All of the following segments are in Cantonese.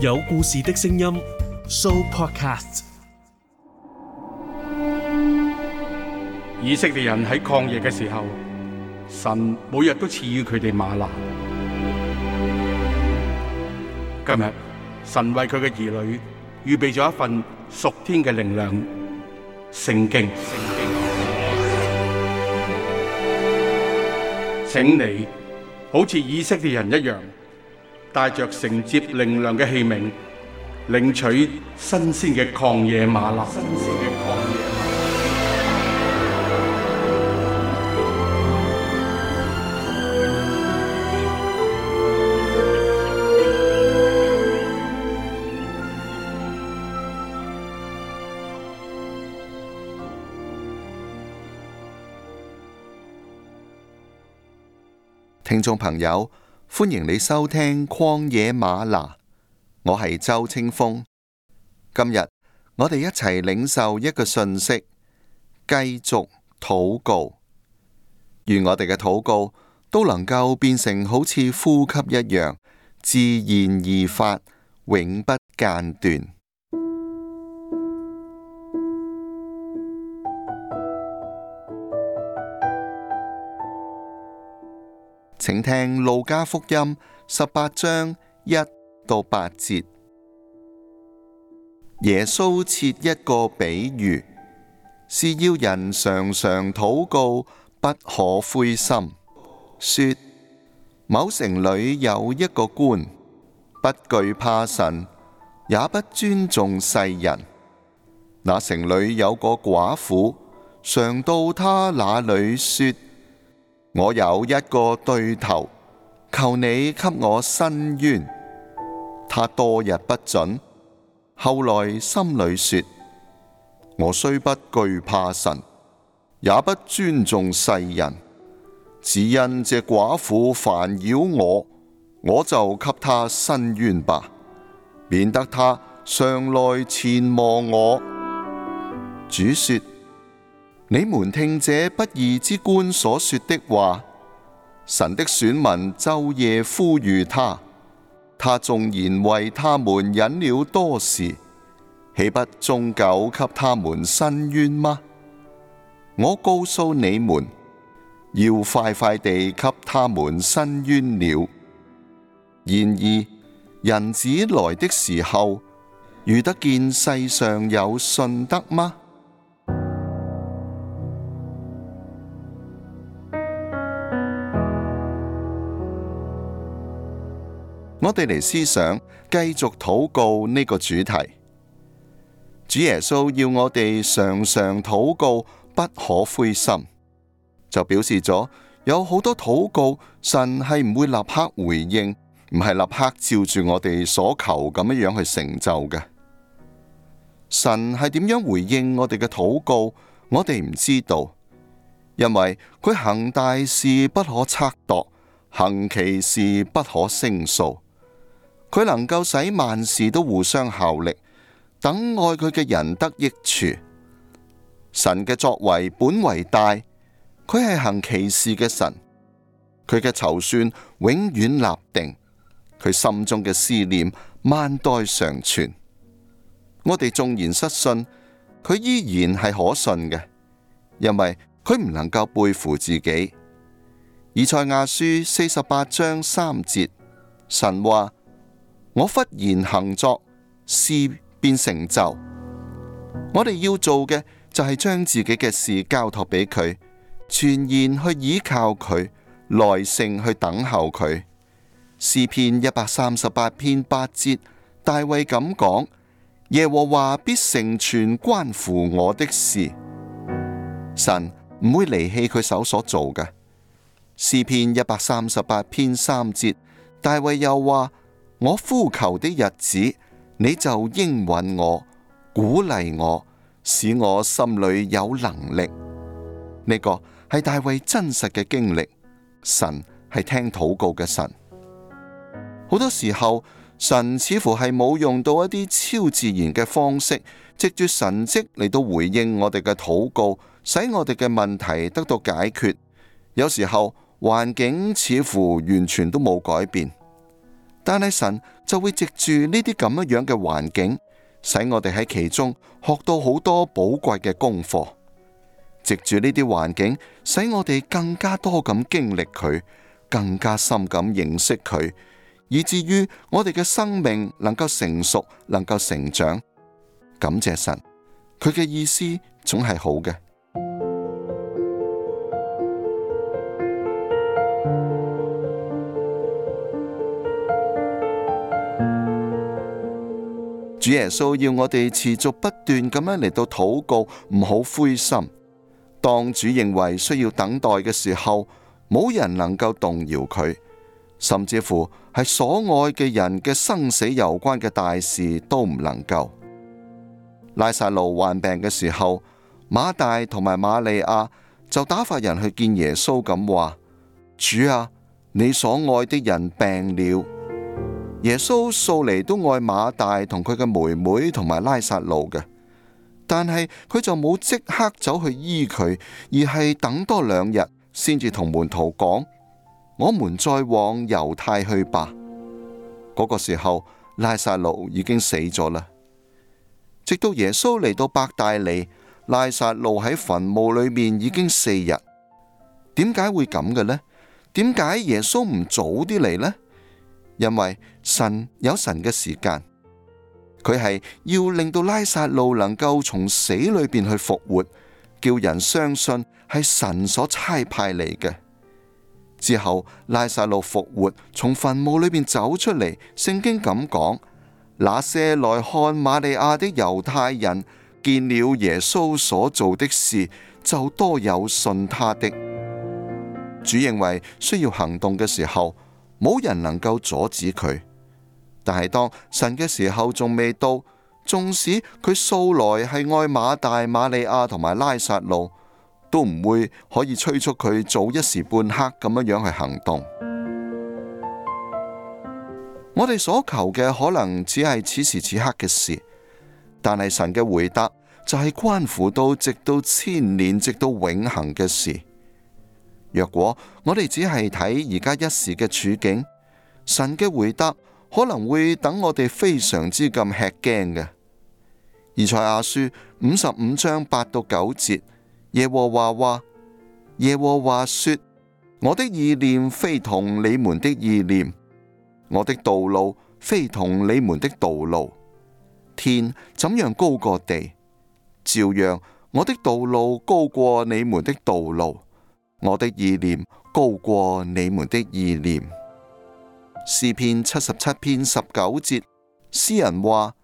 有故事的聲音，So Podcast。以色列人喺曠野嘅時候，神每日都賜予佢哋嗎哪。今日神為佢嘅兒女預備咗一份屬天嘅靈糧，聖經。請你好似以色列人一樣。帶着承接靈糧嘅器皿，領取新鮮嘅曠野嗎哪。新鮮嘅曠野嗎哪。聽眾朋友。歡迎你收聽曠野嗎哪，我係周清風。今日我哋一齊領受一個訊息，繼續禱告，願我哋嘅禱告都能夠變成好似呼吸一樣，自然而發，永不間斷。請聽路加福音十八章一到八節。耶穌設一個比喻，是要人常常禱告，不可灰心。說：某城裏有一個官，不懼怕神，也不尊重世人。那城裏有個寡婦，常到他那裏說。我有一個對頭，求你給我申冤。他多日不准，後來心裏說：我雖不懼怕神，也不尊重世人，只因這寡婦煩擾我，我就給他申冤吧，免得他常來纏磨我。主說。你們聽這不義之官所說的話，神的選民晝夜呼籲他，他縱然為他們忍了多時，豈不終久給他們伸冤嗎？我告訴你們，要快快地給他們伸冤了。然而人子來的時候，遇得見世上有信德嗎？我哋嚟思想繼續禱告呢個主題，主耶穌要我哋常常禱告，不可灰心，就表示咗有好多禱告，神係唔會立刻回應，唔係立刻照住我哋所求咁樣樣去成就嘅。神係點樣回應我哋嘅禱告，我哋唔知道，因為佢行大事不可測度，行奇事不可勝數。佢能夠使萬事都互相效力，等愛佢嘅人得益處。神嘅作為本為大，佢係行奇事嘅神，佢嘅籌算永遠立定，佢心中嘅思念萬代常存。我哋縱然失信，佢依然係可信嘅，因為佢唔能夠背負自己。以賽亞書四十八章三節，神話。我忽然行作，事變成就，我哋要做嘅就係將自己嘅事交託俾佢，全然去依靠佢，耐性去等候佢。詩篇一百三十八篇八節，大衛咁講：耶和華必成全關乎我的事，神唔會離棄佢手所做嘅。詩篇一百三十八篇三節，大衛又話：我呼求的日子，你就應允我，鼓勵我，使我心裏有能力。呢個係大衛真實嘅經歷。神係聽禱告嘅神，好多時候神似乎係冇用到一啲超自然嘅方式，藉住神蹟嚟到回應我哋嘅禱告，使我哋嘅問題得到解決。有時候環境似乎完全都冇改變。但係神就會藉住呢啲咁樣嘅環境，使我哋喺其中學到好多寶貴嘅功課。藉住呢啲環境，使我哋更加多咁經歷佢，更加深咁認識佢，以至於我哋嘅生命能夠成熟，能夠成長。感謝神，佢嘅意思總係好嘅。主耶穌要我哋持續不斷咁樣嚟到禱告，唔好灰心。當主認為需要等待嘅時候，冇人能夠動搖佢，甚至乎係所愛嘅人嘅生死有關嘅大事都唔能夠。拉撒路患病嘅時候，馬大同埋瑪利亞就打發人去見耶穌，咁話：主啊，你所愛的人病了。耶穌素嚟都愛馬大同佢嘅妹妹同埋拉撒路嘅，但係佢就冇即刻走去醫佢，而係等多兩日先至同門徒講：我們再往猶太去吧。嗰個時候，拉撒路已經死咗啦。直到耶穌嚟到伯大尼，拉撒路喺墳墓裏面已經四日。點解會咁嘅呢？點解耶穌唔早啲嚟呢？因為神有神嘅時間，佢係要令到拉撒路能夠從死裏邊去復活，叫人相信係神所差派嚟嘅。之後拉撒路復活，從墳墓裏邊走出嚟。聖經咁講，那些來看瑪利亞的猶太人，見了耶穌所做的事，就多有信他的。主認為需要行動嘅時候，冇人能夠阻止佢。但係當神嘅時候仲未到，縱使佢素來係愛馬大馬利亞同埋拉撒路，都唔會可以催促佢早一時半刻咁樣樣去行動。 我哋所求嘅可能只係此時此刻嘅事，但係神嘅回答就係關乎到直到千年直到永恆嘅事。若果我哋只係睇而家一時嘅處境，神嘅回答。可能會等我哋非常之咁吃驚嘅。而賽亞書五十五章八到九節，耶和華話，話：耶和華說，我的意念非同你們的意念，我的道路非同你們的道路。天怎樣高過地，照樣我的道路高過你們的道路，我的意念高過你們的意念。詩篇七十七篇十九節，詩人話：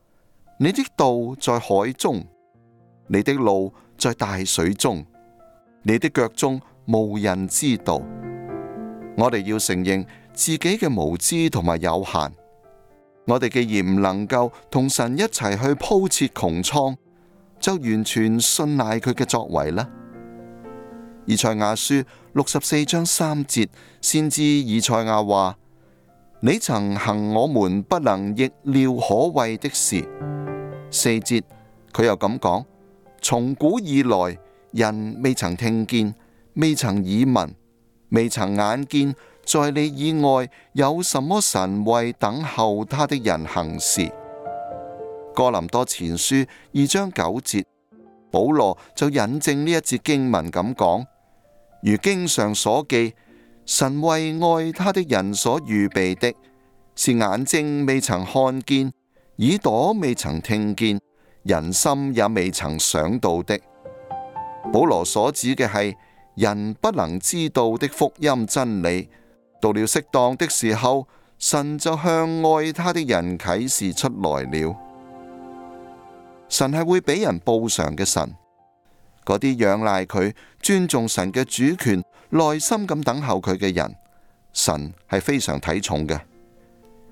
你的道在海中，你的路在大水中，你的腳中無人知道。我哋要承認自己嘅無知同埋有限，我哋既然唔能夠同神一齊去鋪設穹蒼，就完全信賴佢嘅作為啦。以賽亞書六十四章三節，先知以賽亞話。你曾行我們不能逆料可畏的事。四節，佢又咁講：從古以來，人未曾聽見，未曾耳聞，未曾眼見，在你以外有什麼神為等候他的人行事？哥林多前書二章九節，保羅就引證呢一節經文咁講：如經上所記。神為愛他的人所預備的，是眼睛未曾看見、耳朵未曾聽見、人心也未曾想到的。保羅所指嘅係人不能知道的福音真理，到了適當的時候，神就向愛他的人啟示出來了。神係會俾人報償嘅神，嗰啲仰賴佢、尊重神嘅主權。耐心咁等候佢嘅人，神係非常睇重嘅。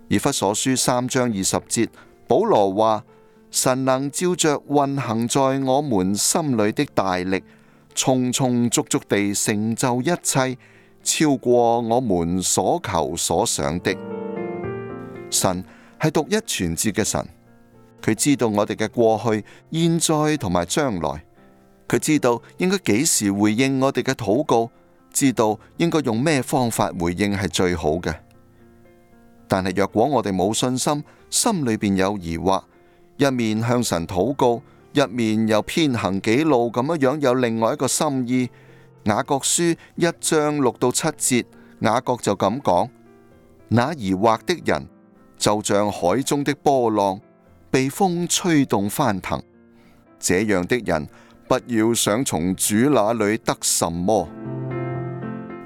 以弗所書三章二十節，保羅話：神能照着運行在我們心裏的大力，充充足足地成就一切，超過我們所求所想的。神係獨一全知嘅神，佢知道我哋嘅過去、現在同埋將來，佢知道應該幾時回應我哋嘅禱告。知道應該用咩方法回應係最好嘅，但係若果我哋冇信心，心裏邊有疑惑，一面向神禱告，一面又偏行己路咁樣，有另外一個心意。雅各書一章六到七節，雅各就咁講：「那疑惑的人，就像海中的波浪，被風吹動翻騰。這樣的人，不要想從主那裏得什麼。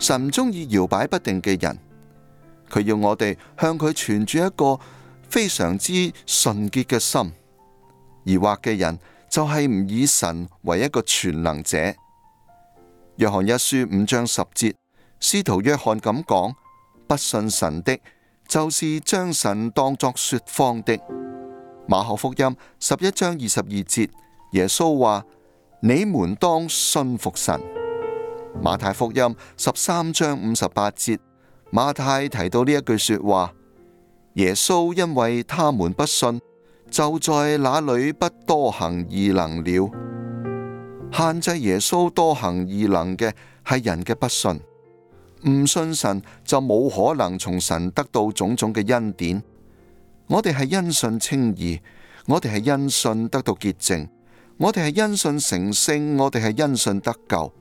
神唔中意搖擺不定嘅人，佢要我哋向佢存住一個非常之純潔嘅心，疑惑嘅人就係唔以神為一個全能者。約翰一書五章十節，使徒約翰咁講：不信神的，就是將神當作說謊的。馬可福音十一章二十二節，耶穌話：你們當信服神。馬太福音十三章五十八節，馬太提到呢一句說話：耶穌因為他們不信，就在那裏不多行異能了。限制耶穌多行異能嘅係人嘅不信，唔信神就冇可能從神得到種種嘅恩典。我哋係因信稱義，我哋係因信得到潔淨，我哋係因信成聖，我哋係因信得救。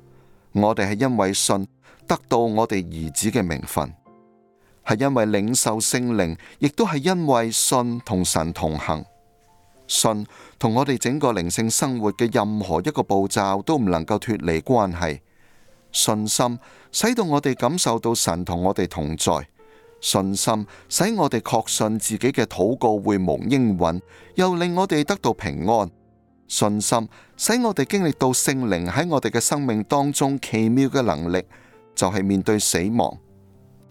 我哋係因為信得到我哋兒子嘅名分，係因為領受聖靈，亦都係因為信同神同行。信同我哋整個靈性生活嘅任何一個步驟都唔能夠脫離關係。信心使到我哋感受到神同我哋同在，信心使我哋確信自己嘅禱告會蒙應允，又令我哋得到平安。信心使我哋經歷到聖靈喺我哋嘅生命當中奇妙嘅能力，就係面對死亡。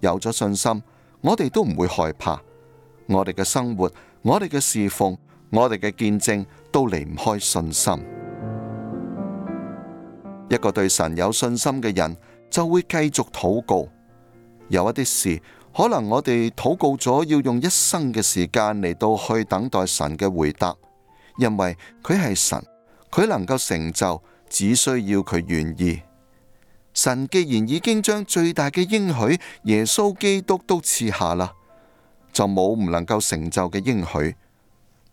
有咗信心，我哋都唔會害怕。我哋嘅生活、我哋嘅侍奉、我哋嘅見證都離唔開信心。一個對神有信心嘅人就會繼續禱告。有一啲事可能我哋禱告咗，要用一生嘅時間嚟到去等待神嘅回答。因為佢係神，佢能夠成就，只需要佢願意。神既然已經將最大嘅應許耶穌基督都賜下啦，就冇唔能夠成就嘅應許。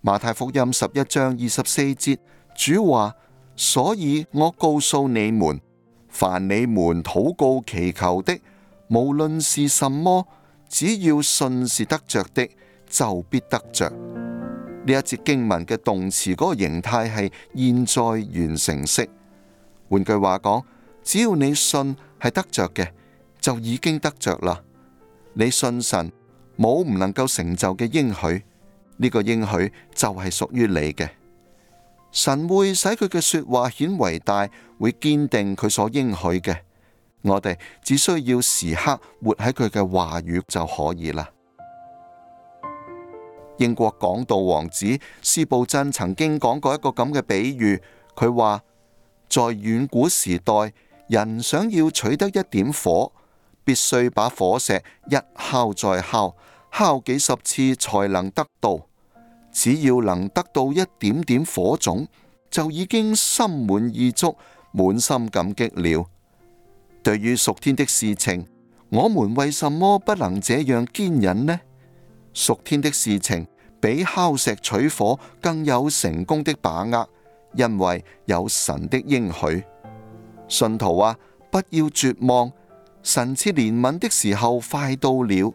馬太福音十一章二十四節，主話：所以我告訴你們，凡你們禱告祈求的，無論是什麼，只要信是得着的，就必得着。呢一節經文嘅動詞嗰個形態係現在完成式。換句話講，只要你信係得着嘅，就已經得着啦。你信神冇唔能夠成就嘅應許，呢、呢個應許就係屬於你嘅。神會使佢嘅說話顯為大，會堅定佢所應許嘅。我哋只需要時刻活喺佢嘅話語就可以啦。英國講道王子司布真曾經講過一個咁嘅比喻，佢話：在遠古時代，人想要取得一點火，必須把火石一敲再敲，敲幾十次才能得到。只要能得到一點點火種，就已經心滿意足，滿心感激了。對於屬天的事情，我們為什麼不能這樣堅忍呢？屬天的事情比敲石取火更有成功的把握，因為有神的應許。信徒啊，不要絕望，神賜憐憫的時候快到了。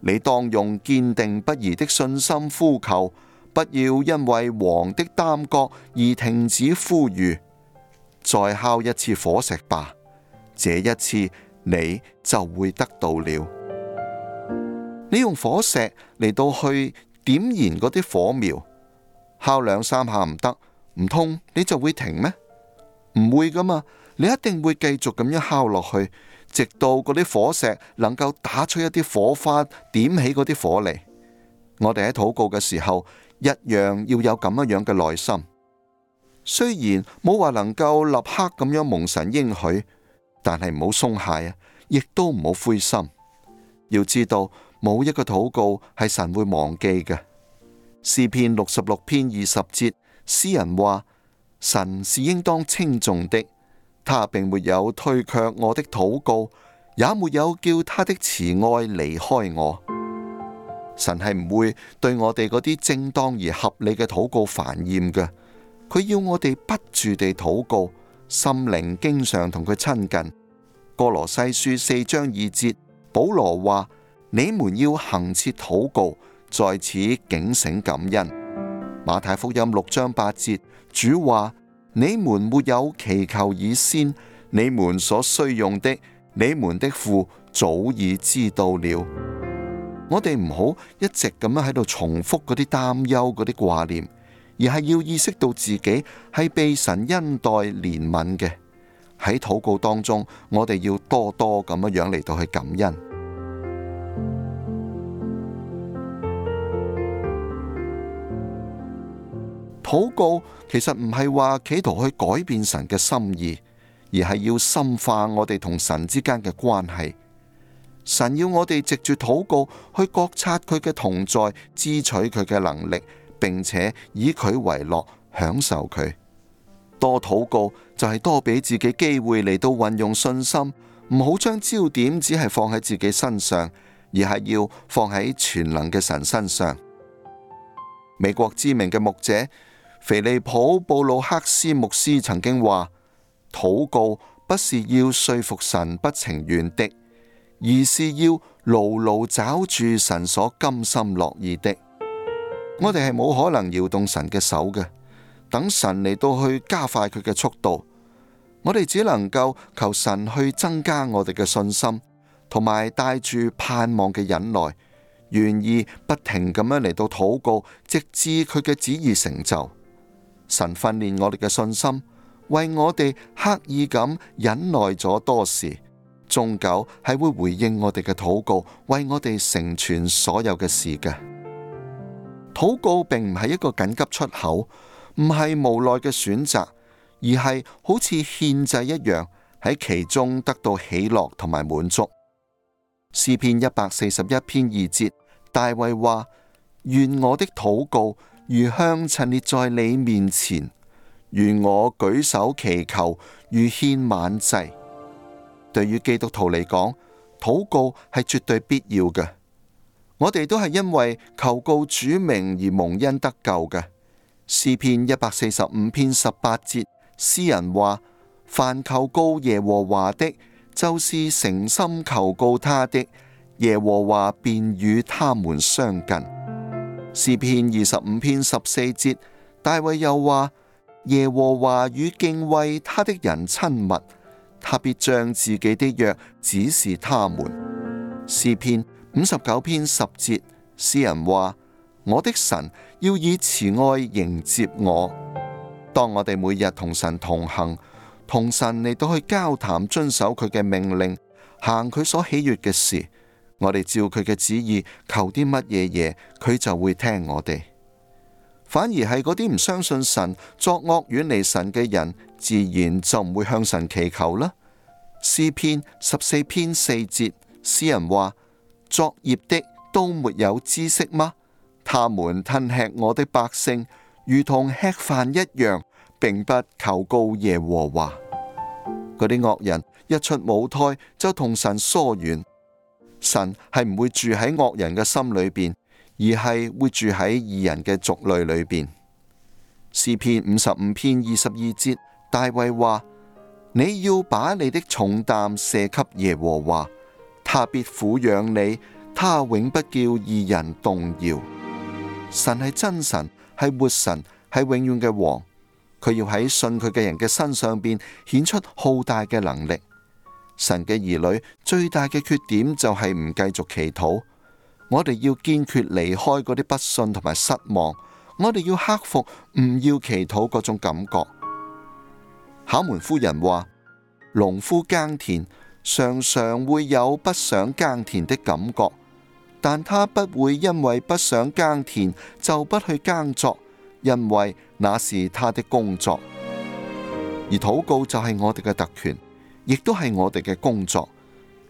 你當用堅定不移的信心呼求，不要因為王的耽擱而停止呼籲。再敲一次火石吧，這一次你就會得到了。你用火石。嚟到去點燃嗰啲火苗，敲兩三下唔得，唔通你就會停咩？唔會噶嘛，你一定會繼續咁樣敲落去，直到嗰啲火石能夠打出一啲火花，點起嗰啲火嚟。我哋喺禱告嘅時候，一樣要有咁樣樣嘅耐心。雖然冇話能夠立刻咁樣蒙神應許，但係唔好鬆懈啊，亦都唔好灰心。要知道。冇一個禱告係神會忘記嘅。詩篇六十六篇二十節，詩人話：神是應當稱頌的，他並沒有推卻我的禱告，也沒有叫他的慈愛離開我。神係唔會對我哋嗰啲正當而合理嘅禱告煩厭嘅。佢要我哋不住地禱告，心靈經常同佢親近。歌羅西書四章二節，保羅話。你們要恆切禱告，在此警醒感恩。馬太福音六章八節，主話：你們沒有祈求以先，你們所需用的，你們的父早已知道了。 我哋唔好一直咁樣喺度重複嗰啲擔憂、嗰啲掛念，而係要意識到自己係被神恩待憐憫嘅。喺禱告當中，我哋要多多咁樣樣嚟到去感恩。禱告其實唔係話企圖去改變神嘅心意，而係要深化我哋同神之間嘅關係。神要我哋藉住禱告去覺察佢嘅同在，支取佢嘅能力，並且以佢為樂，享受佢。多禱告就係多俾自己機會嚟到運用信心，唔好將焦點只係放喺自己身上，而係要放喺全能嘅神身上。美國知名嘅牧者，肥利普布魯克斯牧師曾經話：禱告不是要說服神不情願的，而是要牢牢抓住神所甘心樂意的。我哋係冇可能搖動神嘅手嘅，等神嚟到去加快佢嘅速度。我哋只能夠求神去增加我哋嘅信心，同埋帶住盼望嘅忍耐，願意不停咁樣嚟到禱告，直至佢嘅旨意成就。神訓練我哋嘅信心，為我哋刻意咁忍耐咗多時，終究係會回應我哋嘅禱告，為我哋成全所有嘅事嘅。禱告並唔係一個緊急出口，唔係無奈嘅選擇，而係好似獻祭一樣，喺其中得到喜樂同埋滿足。詩篇一百四十一篇二節，大衛話：願我的禱告。如香陳列在你面前，願我舉手祈求，如獻晚祭。對於基督徒嚟講，禱告係絕對必要嘅。我哋都係因為求告主名而蒙恩得救嘅。詩篇一百四十五篇十八節，詩人話：凡求告耶和華的，就是誠心求告他的，耶和華便與他們相近。詩篇二十五篇十四節，大衛又話：耶和華與敬畏他的人親密，特別將自己的約指示他們。詩篇五十九篇十節，詩人話：我的神要以慈愛迎接我。當我哋每日同神同行，同神嚟到去交談，遵守佢嘅命令，行佢所喜悅嘅事。我哋照佢嘅旨意求啲乜嘢嘢，佢就會聽我哋。反而係嗰啲唔相信神，作惡遠離神嘅人，自然就唔會向神祈求啦。詩篇十四篇四節，詩人話：作孽的都沒有知識嗎？他們吞吃我的百姓，如同吃飯一樣，並不求告耶和華。嗰啲惡人一出母胎就同神疏遠。神係唔會住喺惡人嘅心裏邊，而係會住喺義人嘅族類裏邊。詩篇五十五篇二十二節，大衛話：你要把你的重擔卸給耶和華，他必撫養你，他永不叫義人動搖。神係真神，係活神，係永遠嘅王。佢要喺信佢嘅人嘅身上邊顯出浩大嘅能力。神嘅兒女最大嘅缺點就係唔繼續祈禱，我哋要堅決離開嗰啲不信同埋失望，我哋要克服唔要祈禱嗰種感覺。考門夫人話：農夫耕田，常常會有不想耕田的感覺，但他不會因為不想耕田就不去耕作，因為那是他的工作，而禱告就係我哋嘅特權。亦都係我哋嘅工作，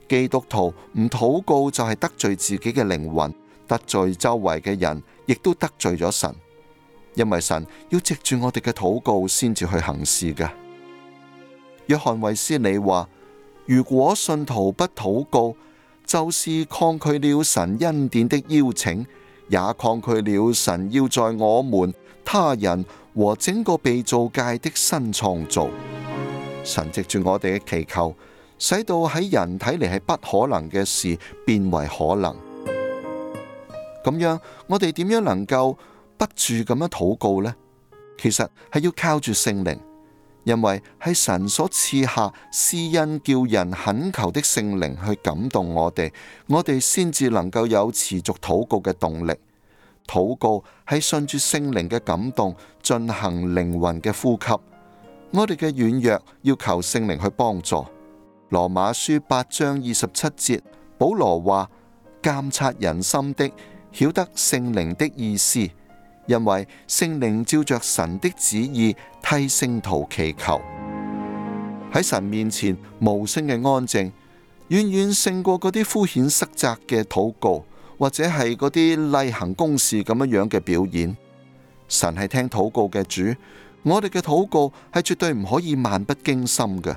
基督徒唔禱告就係得罪自己嘅靈魂，得罪周圍嘅人，亦都得罪咗神，因為神要藉住我哋嘅禱告先至去行事嘅。約翰衛斯理話，如果信徒不禱告，就是抗拒了神恩典的邀請，也抗拒了神要在我們、他人和整個被造界的新創造。神藉住我哋嘅祈求，使到喺人睇嚟係不可能嘅事變為可能。咁樣，我哋點樣能夠不住咁樣禱告呢？其實係要靠住聖靈，因為係神所賜下施恩叫人懇求的聖靈去感動我哋，我哋先至能夠有持續禱告嘅動力。禱告係順住聖靈嘅感動進行靈魂嘅呼吸。我哋嘅軟弱要求聖靈去幫助。羅馬書八章二十七節，保羅話：監察人心的曉得聖靈的意思，因為聖靈照着神的旨意替聖徒祈求。喺神面前無聲嘅安靜，遠遠勝過嗰啲敷衍塞責嘅禱告，或者係嗰啲例行公事咁樣樣嘅表演。神係聽禱告嘅主。我哋嘅禱告係絕對唔可以漫不經心嘅，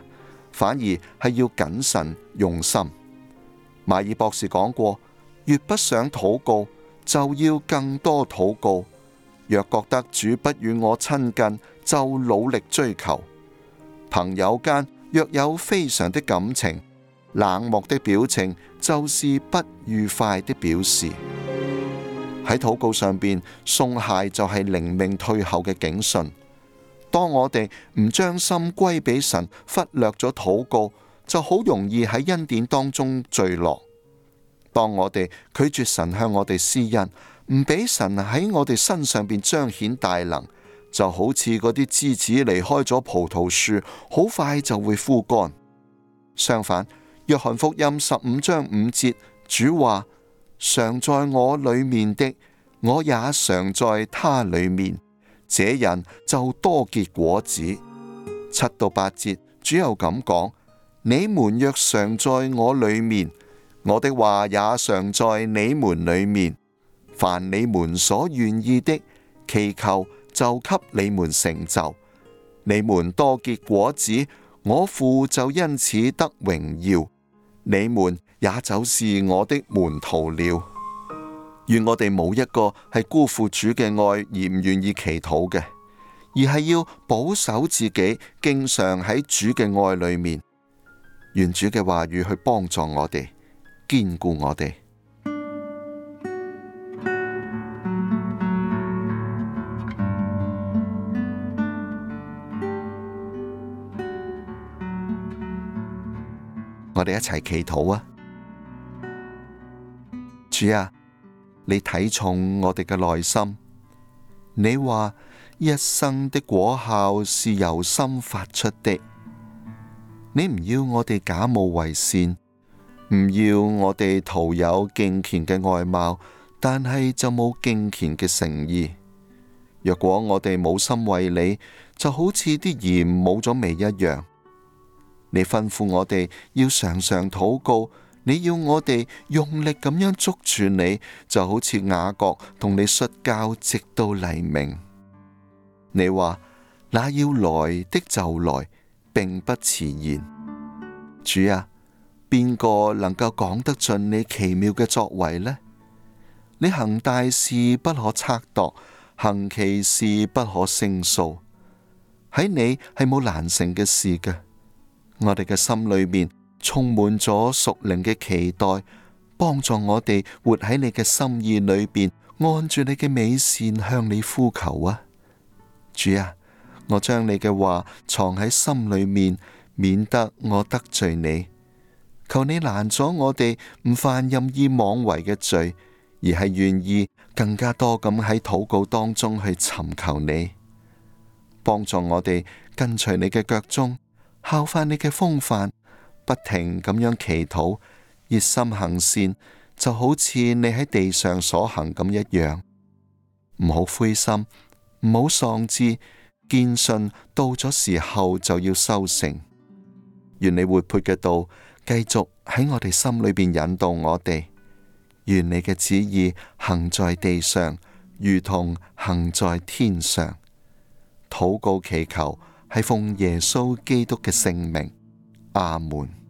反而係要謹慎用心。馬爾博士講過，越不想禱告，就要更多禱告；若覺得主不與我親近，就努力追求。朋友間若有非常的感情，冷漠的表情就是不愉快的表示。喺禱告上邊，鬆懈就係靈命退後嘅警訊。當我哋唔將心歸俾神，忽略咗禱告，就好容易喺恩典當中墜落。當我哋拒絕神向我哋施恩，唔俾神喺我哋身上邊彰顯大能，就好似嗰啲枝子離開咗葡萄樹，好快就會枯乾。相反，約翰福音十五章五節，主話：常在我裏面的，我也常在他裏面。這人就多結果子。七到八節主又咁講：你們若常在我裏面，我的話也常在你們裏面。凡你們所願意的，祈求就給你們成就。你們多結果子，我父就因此得榮耀。你們也就是我的門徒了。願我哋冇一個係辜負主嘅愛而唔願意祈禱嘅，而係要保守自己，經常喺主嘅愛裏面，願主嘅話語去幫助我哋，堅固我哋。 我哋一齊祈禱啊！主啊！你睇重我哋嘅內心，你話一生的果效是由心發出的。你唔要我哋假冒為善，唔要我哋徒有敬虔嘅外貌，但係就冇敬虔嘅誠意。若果我哋冇心為你，就好似啲鹽冇咗味一樣。你吩咐我哋要常常禱告。你要我哋用力咁樣捉住你，就好似雅各同你摔跤，直到黎明。你話那要來的就來，並不遲延。主啊，邊個能夠講得盡你奇妙嘅作為呢？你行大事不可測度，行奇事不可勝數，喺你係冇難成嘅事嘅。我哋嘅心裏面充滿咗屬靈嘅期待，幫助我哋活喺你嘅心意裏邊，按住你嘅美善向你呼求啊！主啊，我將你嘅話藏喺心裏面，免得我得罪你。求你攔阻我哋唔犯任意妄為嘅罪，而係願意更加多咁喺禱告當中去尋求你，幫助我哋跟隨你嘅腳蹤，效法你嘅風範。不停咁樣祈禱，熱心行善，就好似你喺地上所行咁一樣。唔好灰心，唔好喪志，堅信到咗時候就要收成。願你活潑嘅道繼續喺我哋心裏邊引導我哋。願你嘅旨意行在地上，如同行在天上。禱告祈求，係奉耶穌基督嘅聖名。阿門。